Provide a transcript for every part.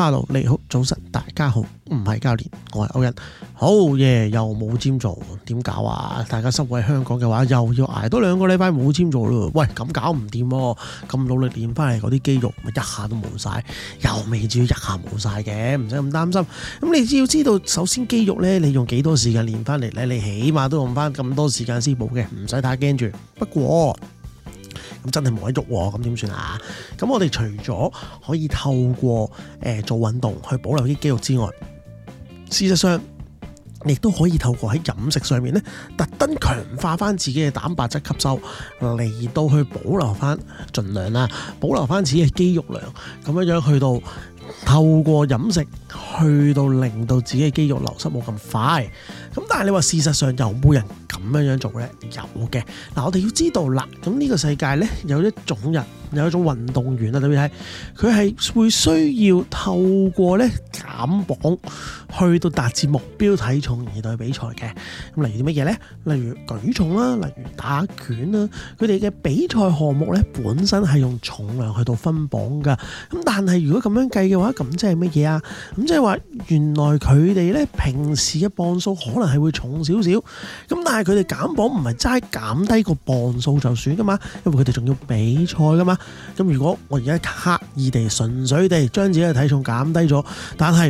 哈嘍，你好，早晨，大家好，唔係教練，我係歐人，好、oh, 耶、yeah，又冇 gym 做，點搞啊？大家身喺香港嘅話，又要挨多兩個禮拜冇 gym 做咯，喂，咁搞唔掂、啊，咁努力練翻嚟嗰啲肌肉咪一下都冇晒，又未至於一下冇晒嘅，唔使咁擔心。咁你只要知道，首先肌肉呢，你用幾多時間練翻嚟呢？你起碼都用翻咁多時間先冇嘅，唔使太驚住。不過，咁真係冇得喐喎，咁點算啊？咁我哋除咗可以透過誒做運動去保留啲肌肉之外，事實上亦都可以透過喺飲食上面咧，特登強化翻自己嘅蛋白質吸收，嚟到去保留翻盡量啦，保留翻自己嘅肌肉量，咁樣樣去到。透過飲食去到令到自己肌肉流失冇咁快，咁但係你話事實上有冇人咁樣樣做呢？有嘅。嗱，我哋要知道啦，咁呢個世界呢有一種人，有一種運動員啊，你睇，佢係會需要透過呢。減磅去到達至目標體重而代比賽嘅，咁例如啲乜嘢呢？例如舉重啦，例如打拳啦，佢哋嘅比賽項目呢，本身係用重量去到分榜噶。咁但係如果咁樣計嘅話，咁即係乜嘢啊？咁即係話原來佢哋呢，平時嘅磅數可能係會重少少，咁但係佢哋減磅唔係齋減低個磅數就算噶嘛，因為佢哋仲要比賽噶嘛。咁如果我而家刻意地純粹地將自己嘅體重減低咗，但係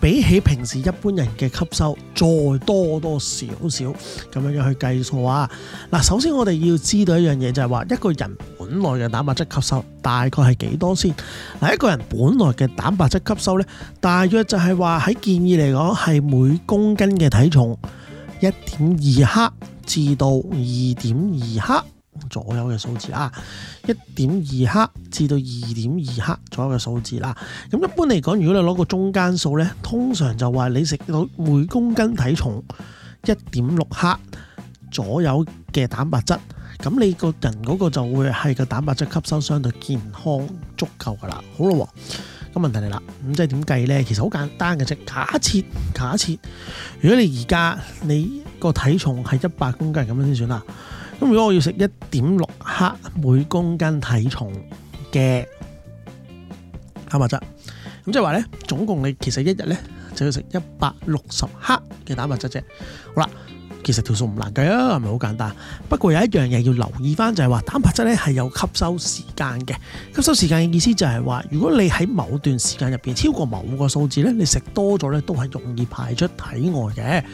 比起平時一般人嘅吸收，再多多少少咁樣樣去計數啊！嗱，首先我哋要知道一樣嘢就係話一個人本來嘅蛋白質吸收大概係幾多先？嗱，一個人本來嘅蛋白質吸收呢，大約就係話喺建議嚟講係每公斤嘅體重一點二克至到二點二克。左右嘅數字啊，一點二克至到二點二克左右嘅數字啦。咁一般嚟講，如果你攞個中間數呢，通常就話你食到每公斤體重一點六克左右嘅蛋白質，咁你個人嗰個就會係個蛋白質吸收相對健康足夠噶啦。好喎，咁問題嚟啦，咁即係點計呢？其實好簡單嘅啫。假設假設，如果你而家你個體重係一百公斤咁樣先算啦。咁如果我要食一點六克每公斤體重嘅蛋白質，咁即係話呢，總共你其實一日呢就要食一百六十克嘅蛋白質啫。好啦，其實條數唔難計啊，係咪好簡單？不過有一樣嘢要留意返，就係話蛋白質呢係有吸收時間嘅。吸收時間嘅意思就係話，如果你喺某段時間入邊超過某個數字呢，你食多咗呢都係容易排出體外嘅。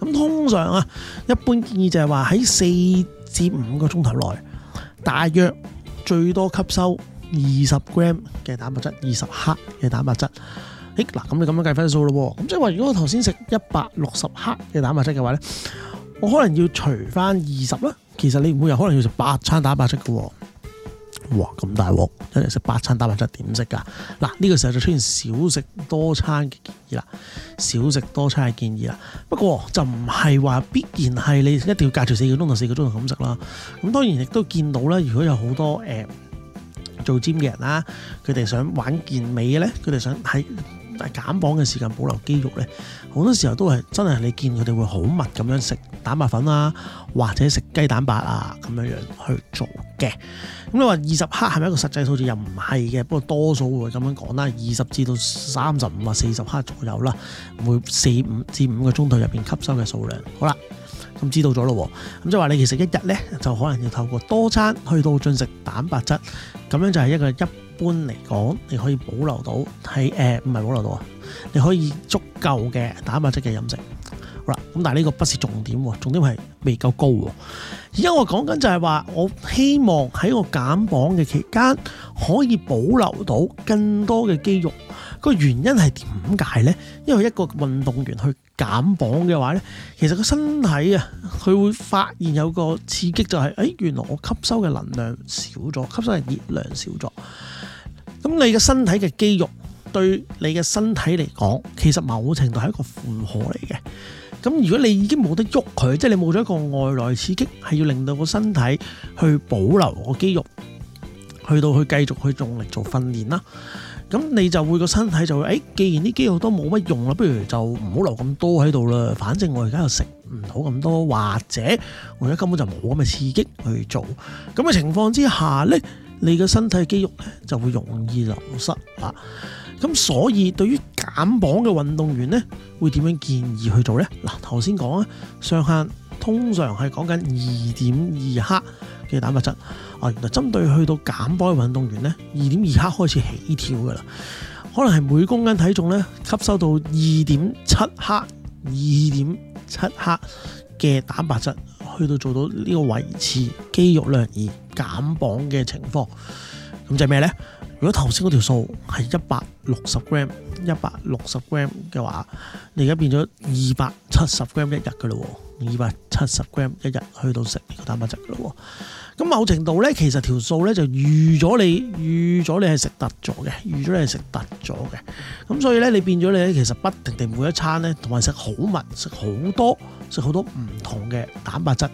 咁通常啊，一般建議就係話喺四。至五個鐘頭內，大約最多吸收二十 gram 嘅蛋白質，二十克嘅蛋白質。哎，嗱，咁你咁樣計分數咯喎，咁即係話如果我頭先食一百六十克嘅蛋白質嘅話呢，我可能要除翻二十啦。其實你唔會有可能要食八餐蛋白質嘅喎。哇！咁大鑊，一日食八餐打埋出，點食噶？嗱，呢個時候就出現少食多餐嘅建議啦，少食多餐嘅建議啦。不過就唔係話必然係你一定要隔住四個鐘到四個鐘咁食啦。咁當然亦都見到啦，如果有好多誒、欸、做 gym 嘅人啦，佢哋想玩健美咧，佢哋想喺。但係減磅嘅時間保留肌肉咧，好多時候都係真係你見佢哋會好密咁樣食蛋白粉啊，或者食雞蛋白啊咁樣樣去做嘅。咁你話二十克係咪一個實際數字？又唔係嘅，不過多數會咁樣講啦，二十至到三十五啊四十克左右啦，每四五至五個鐘頭入邊吸收嘅數量。好啦，咁知道咗咯喎，咁即係話你其實一日咧就可能要透過多餐去到進食蛋白質，咁樣就係一個一。一般嚟講，你可以保留到係誒，唔係、呃、保留到啊，你可以足夠嘅蛋白質嘅飲食。好啦，咁但係呢個不是重點，重點係未夠高。而家我講緊就係話，我希望喺我減磅嘅期間可以保留到更多嘅肌肉。個原因係點解呢？因為一個運動員去減磅嘅話呢，其實個身體啊，佢會發現有個刺激就係、是、誒、哎，原來我吸收嘅能量少咗，吸收嘅熱量少咗。咁你嘅身體嘅肌肉對你嘅身體嚟講，其實某程度係一個負荷嚟嘅。咁如果你已經冇得喐佢，即係你冇咗一個外來刺激，係要令到個身體去保留個肌肉，去到去繼續去用力做訓練啦。咁你就會個身體就會，誒，既然啲肌肉都冇乜用啦，不如就唔好留咁多喺度啦。反正我而家又食唔到咁多，或者我而家根本就冇咁嘅刺激去做。咁嘅情況之下呢。你嘅身體肌肉咧就會容易流失啊！咁所以對於減磅嘅運動員咧，會點樣建議去做呢？嗱，頭先講啊，上限通常係講緊二點二克嘅蛋白質啊，原來針對去到減磅嘅運動員咧，二點二克開始起跳噶啦，可能係每公斤體重咧吸收到二點七克、二點七克嘅蛋白質，去到做到呢個維持肌肉量二。減磅嘅情況，咁就係咩咧？如果頭先嗰條數係一百六十 gram、一百六十 gram 嘅話，你而家變咗二百七十 gram 一日嘅咯，二百七十 gram 一日去到食呢個蛋白質嘅咯。咁某程度咧，其實條數咧就預咗你，預咗你係食得咗嘅，預咗你係食得咗嘅。咁所以咧，你變咗你咧，其實不停地每一餐咧，同埋食好密，食好多。食好多唔同嘅蛋白質，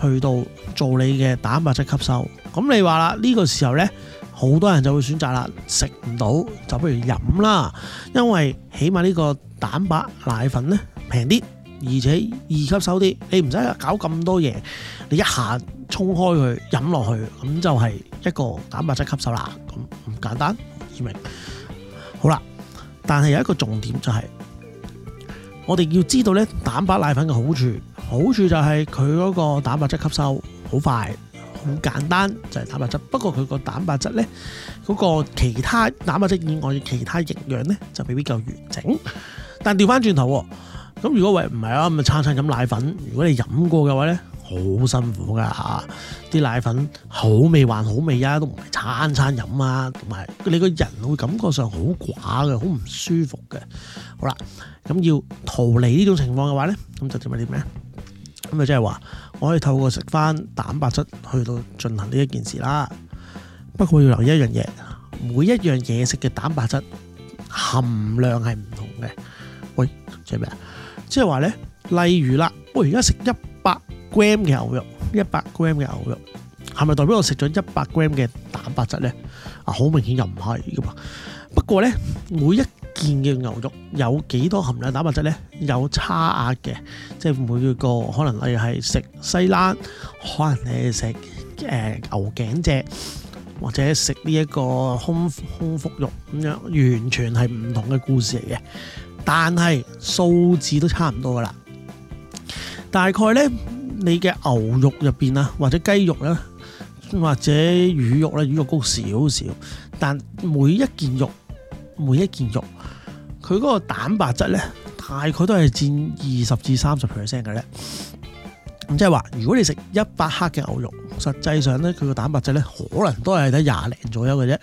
去到做你嘅蛋白質吸收。咁你話啦，呢個時候呢，好多人就會選擇啦，食唔到就不如飲啦。因為起碼呢個蛋白奶粉呢，平啲，而且易吸收啲。你唔使搞咁多嘢，你一下沖開佢飲落去，咁就係一個蛋白質吸收啦。咁唔簡單，明？好啦，但係有一個重點就係。我哋要知道呢蛋白奶粉嘅好處，好處就係佢嗰個蛋白質吸收好快，好簡單就係蛋白質。不過佢個蛋白質呢，嗰個其他蛋白質以外嘅其他營養呢，就未必夠完整。但調翻轉頭，咁如果喂，唔係啊，咁啊餐餐飲奶粉，如果你飲過嘅話呢。好辛苦噶、吓，啲奶粉好味還好味啊，都唔係餐餐飲啊，同埋你個人會感覺上好寡嘅，好唔舒服嘅。好啦，咁要逃離呢種情況嘅話咧，咁就點啊點咧？咁啊即係話，我可以透過食翻蛋白質去到進行呢一件事啦。不過要留意一樣嘢，每一樣嘢食嘅蛋白質含量係唔同嘅。喂，即係咩啊？即係話咧，例如啦，我而家食一。gram 嘅牛肉，一百 gram 嘅牛肉，係咪代表我食咗一百 gram 嘅蛋白質咧？啊，好明顯又唔係噶噃。不過咧，每一件嘅牛肉有幾多含量蛋白質咧，有差額嘅。即係每個可能你係食西冷，可能你食誒牛頸脊或者食呢一個空胸、胸腹肉咁樣，完全係唔同嘅故事嚟嘅。但係數字都差唔多噶啦，大概咧。你嘅牛肉入邊啊，或者雞肉咧，或者魚肉咧，魚肉高少少，但每一件肉，每一件肉，佢嗰個蛋白質咧，大概都係佔二十至三十 percent 嘅啫。咁即係話，如果你食一百克嘅牛肉，實際上咧，佢個蛋白質咧，可能都係得廿零左右嘅啫。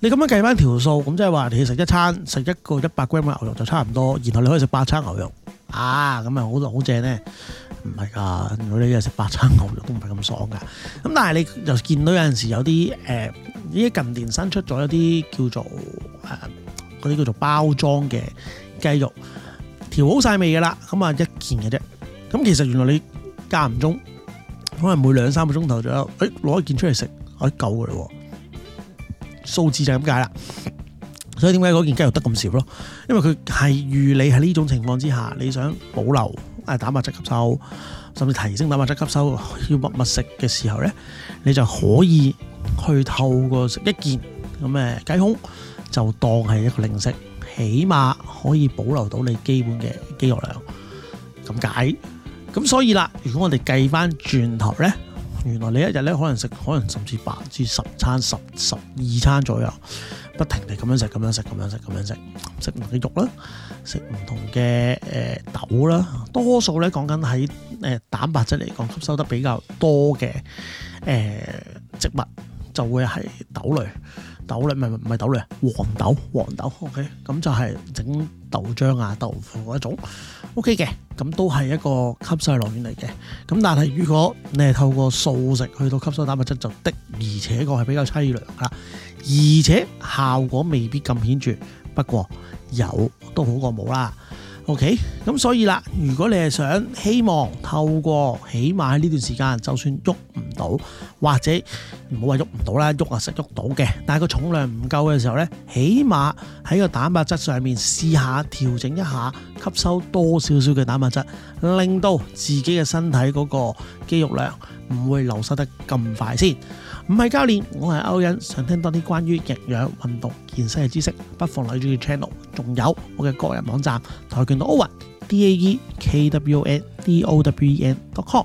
你咁樣計翻條數，咁即係話，你食一餐食一個一百 gram 嘅牛肉就差唔多，然後你可以食八餐牛肉啊，咁啊好好正咧。唔係噶，如果你日食白餐牛肉都唔係咁爽噶。咁但係你又見到有陣時有啲誒，依、呃、家近年新出咗一啲叫做誒嗰啲叫做包裝嘅雞肉，調好晒味噶啦。咁啊一件嘅啫。咁其實原來你間唔中，可能每兩三個鐘頭左右，誒、欸、攞一件出嚟食，可以夠噶咯。數字就係咁解啦。所以點解嗰件雞肉得咁少咯？因為佢係預你喺呢種情況之下，你想保留。係、啊、蛋白質吸收，甚至提升蛋白質吸收，要物物食嘅時候呢，你就可以去透過食一件咁嘅雞胸就當係一個零食，起碼可以保留到你基本嘅肌肉量咁解。咁所以啦，如果我哋計翻轉頭呢，原來你一日呢，可能食，可能甚至八至十餐，十十二餐左右。不停地咁樣食，咁樣食，咁樣食，咁樣食，食唔同嘅肉啦，食唔同嘅誒豆啦，多數咧講緊喺誒蛋白質嚟講吸收得比較多嘅誒植物就會係豆類，豆類唔係唔係豆類啊，黃豆黃豆 OK，咁就係整豆漿啊、豆腐嗰種。O K 嘅，咁、okay、都係一個吸收來源嚟嘅，咁但係如果你係透過素食去到吸收蛋白質，就的而且確係比較淒涼啦，而且效果未必咁顯著，不過有都好過冇啦。OK，咁所以啦，如果你係想希望透過起碼喺呢段時間，就算喐唔到或者唔好話喐唔到啦，喐啊食喐到嘅，但係個重量唔夠嘅時候呢，起碼喺個蛋白質上面試下調整一下，吸收多少少嘅蛋白質，令到自己嘅身體嗰個肌肉量唔會流失得咁快先。唔係教練，我係歐恩，想聽多啲關於營養、運動、健身嘅知識，不妨留意住 channel，仲有我嘅個人網站跆拳道歐文 d a e k w o n d o w e n dot com，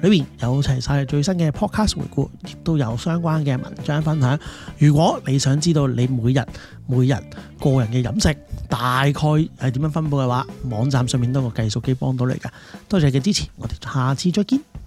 裏面有齊晒最新嘅 podcast 回顧，亦都有相關嘅文章分享。如果你想知道你每日每日個人嘅飲食大概係點樣分布嘅話，網站上面都有個計數機幫到你噶。多謝嘅支持，我哋下次再見。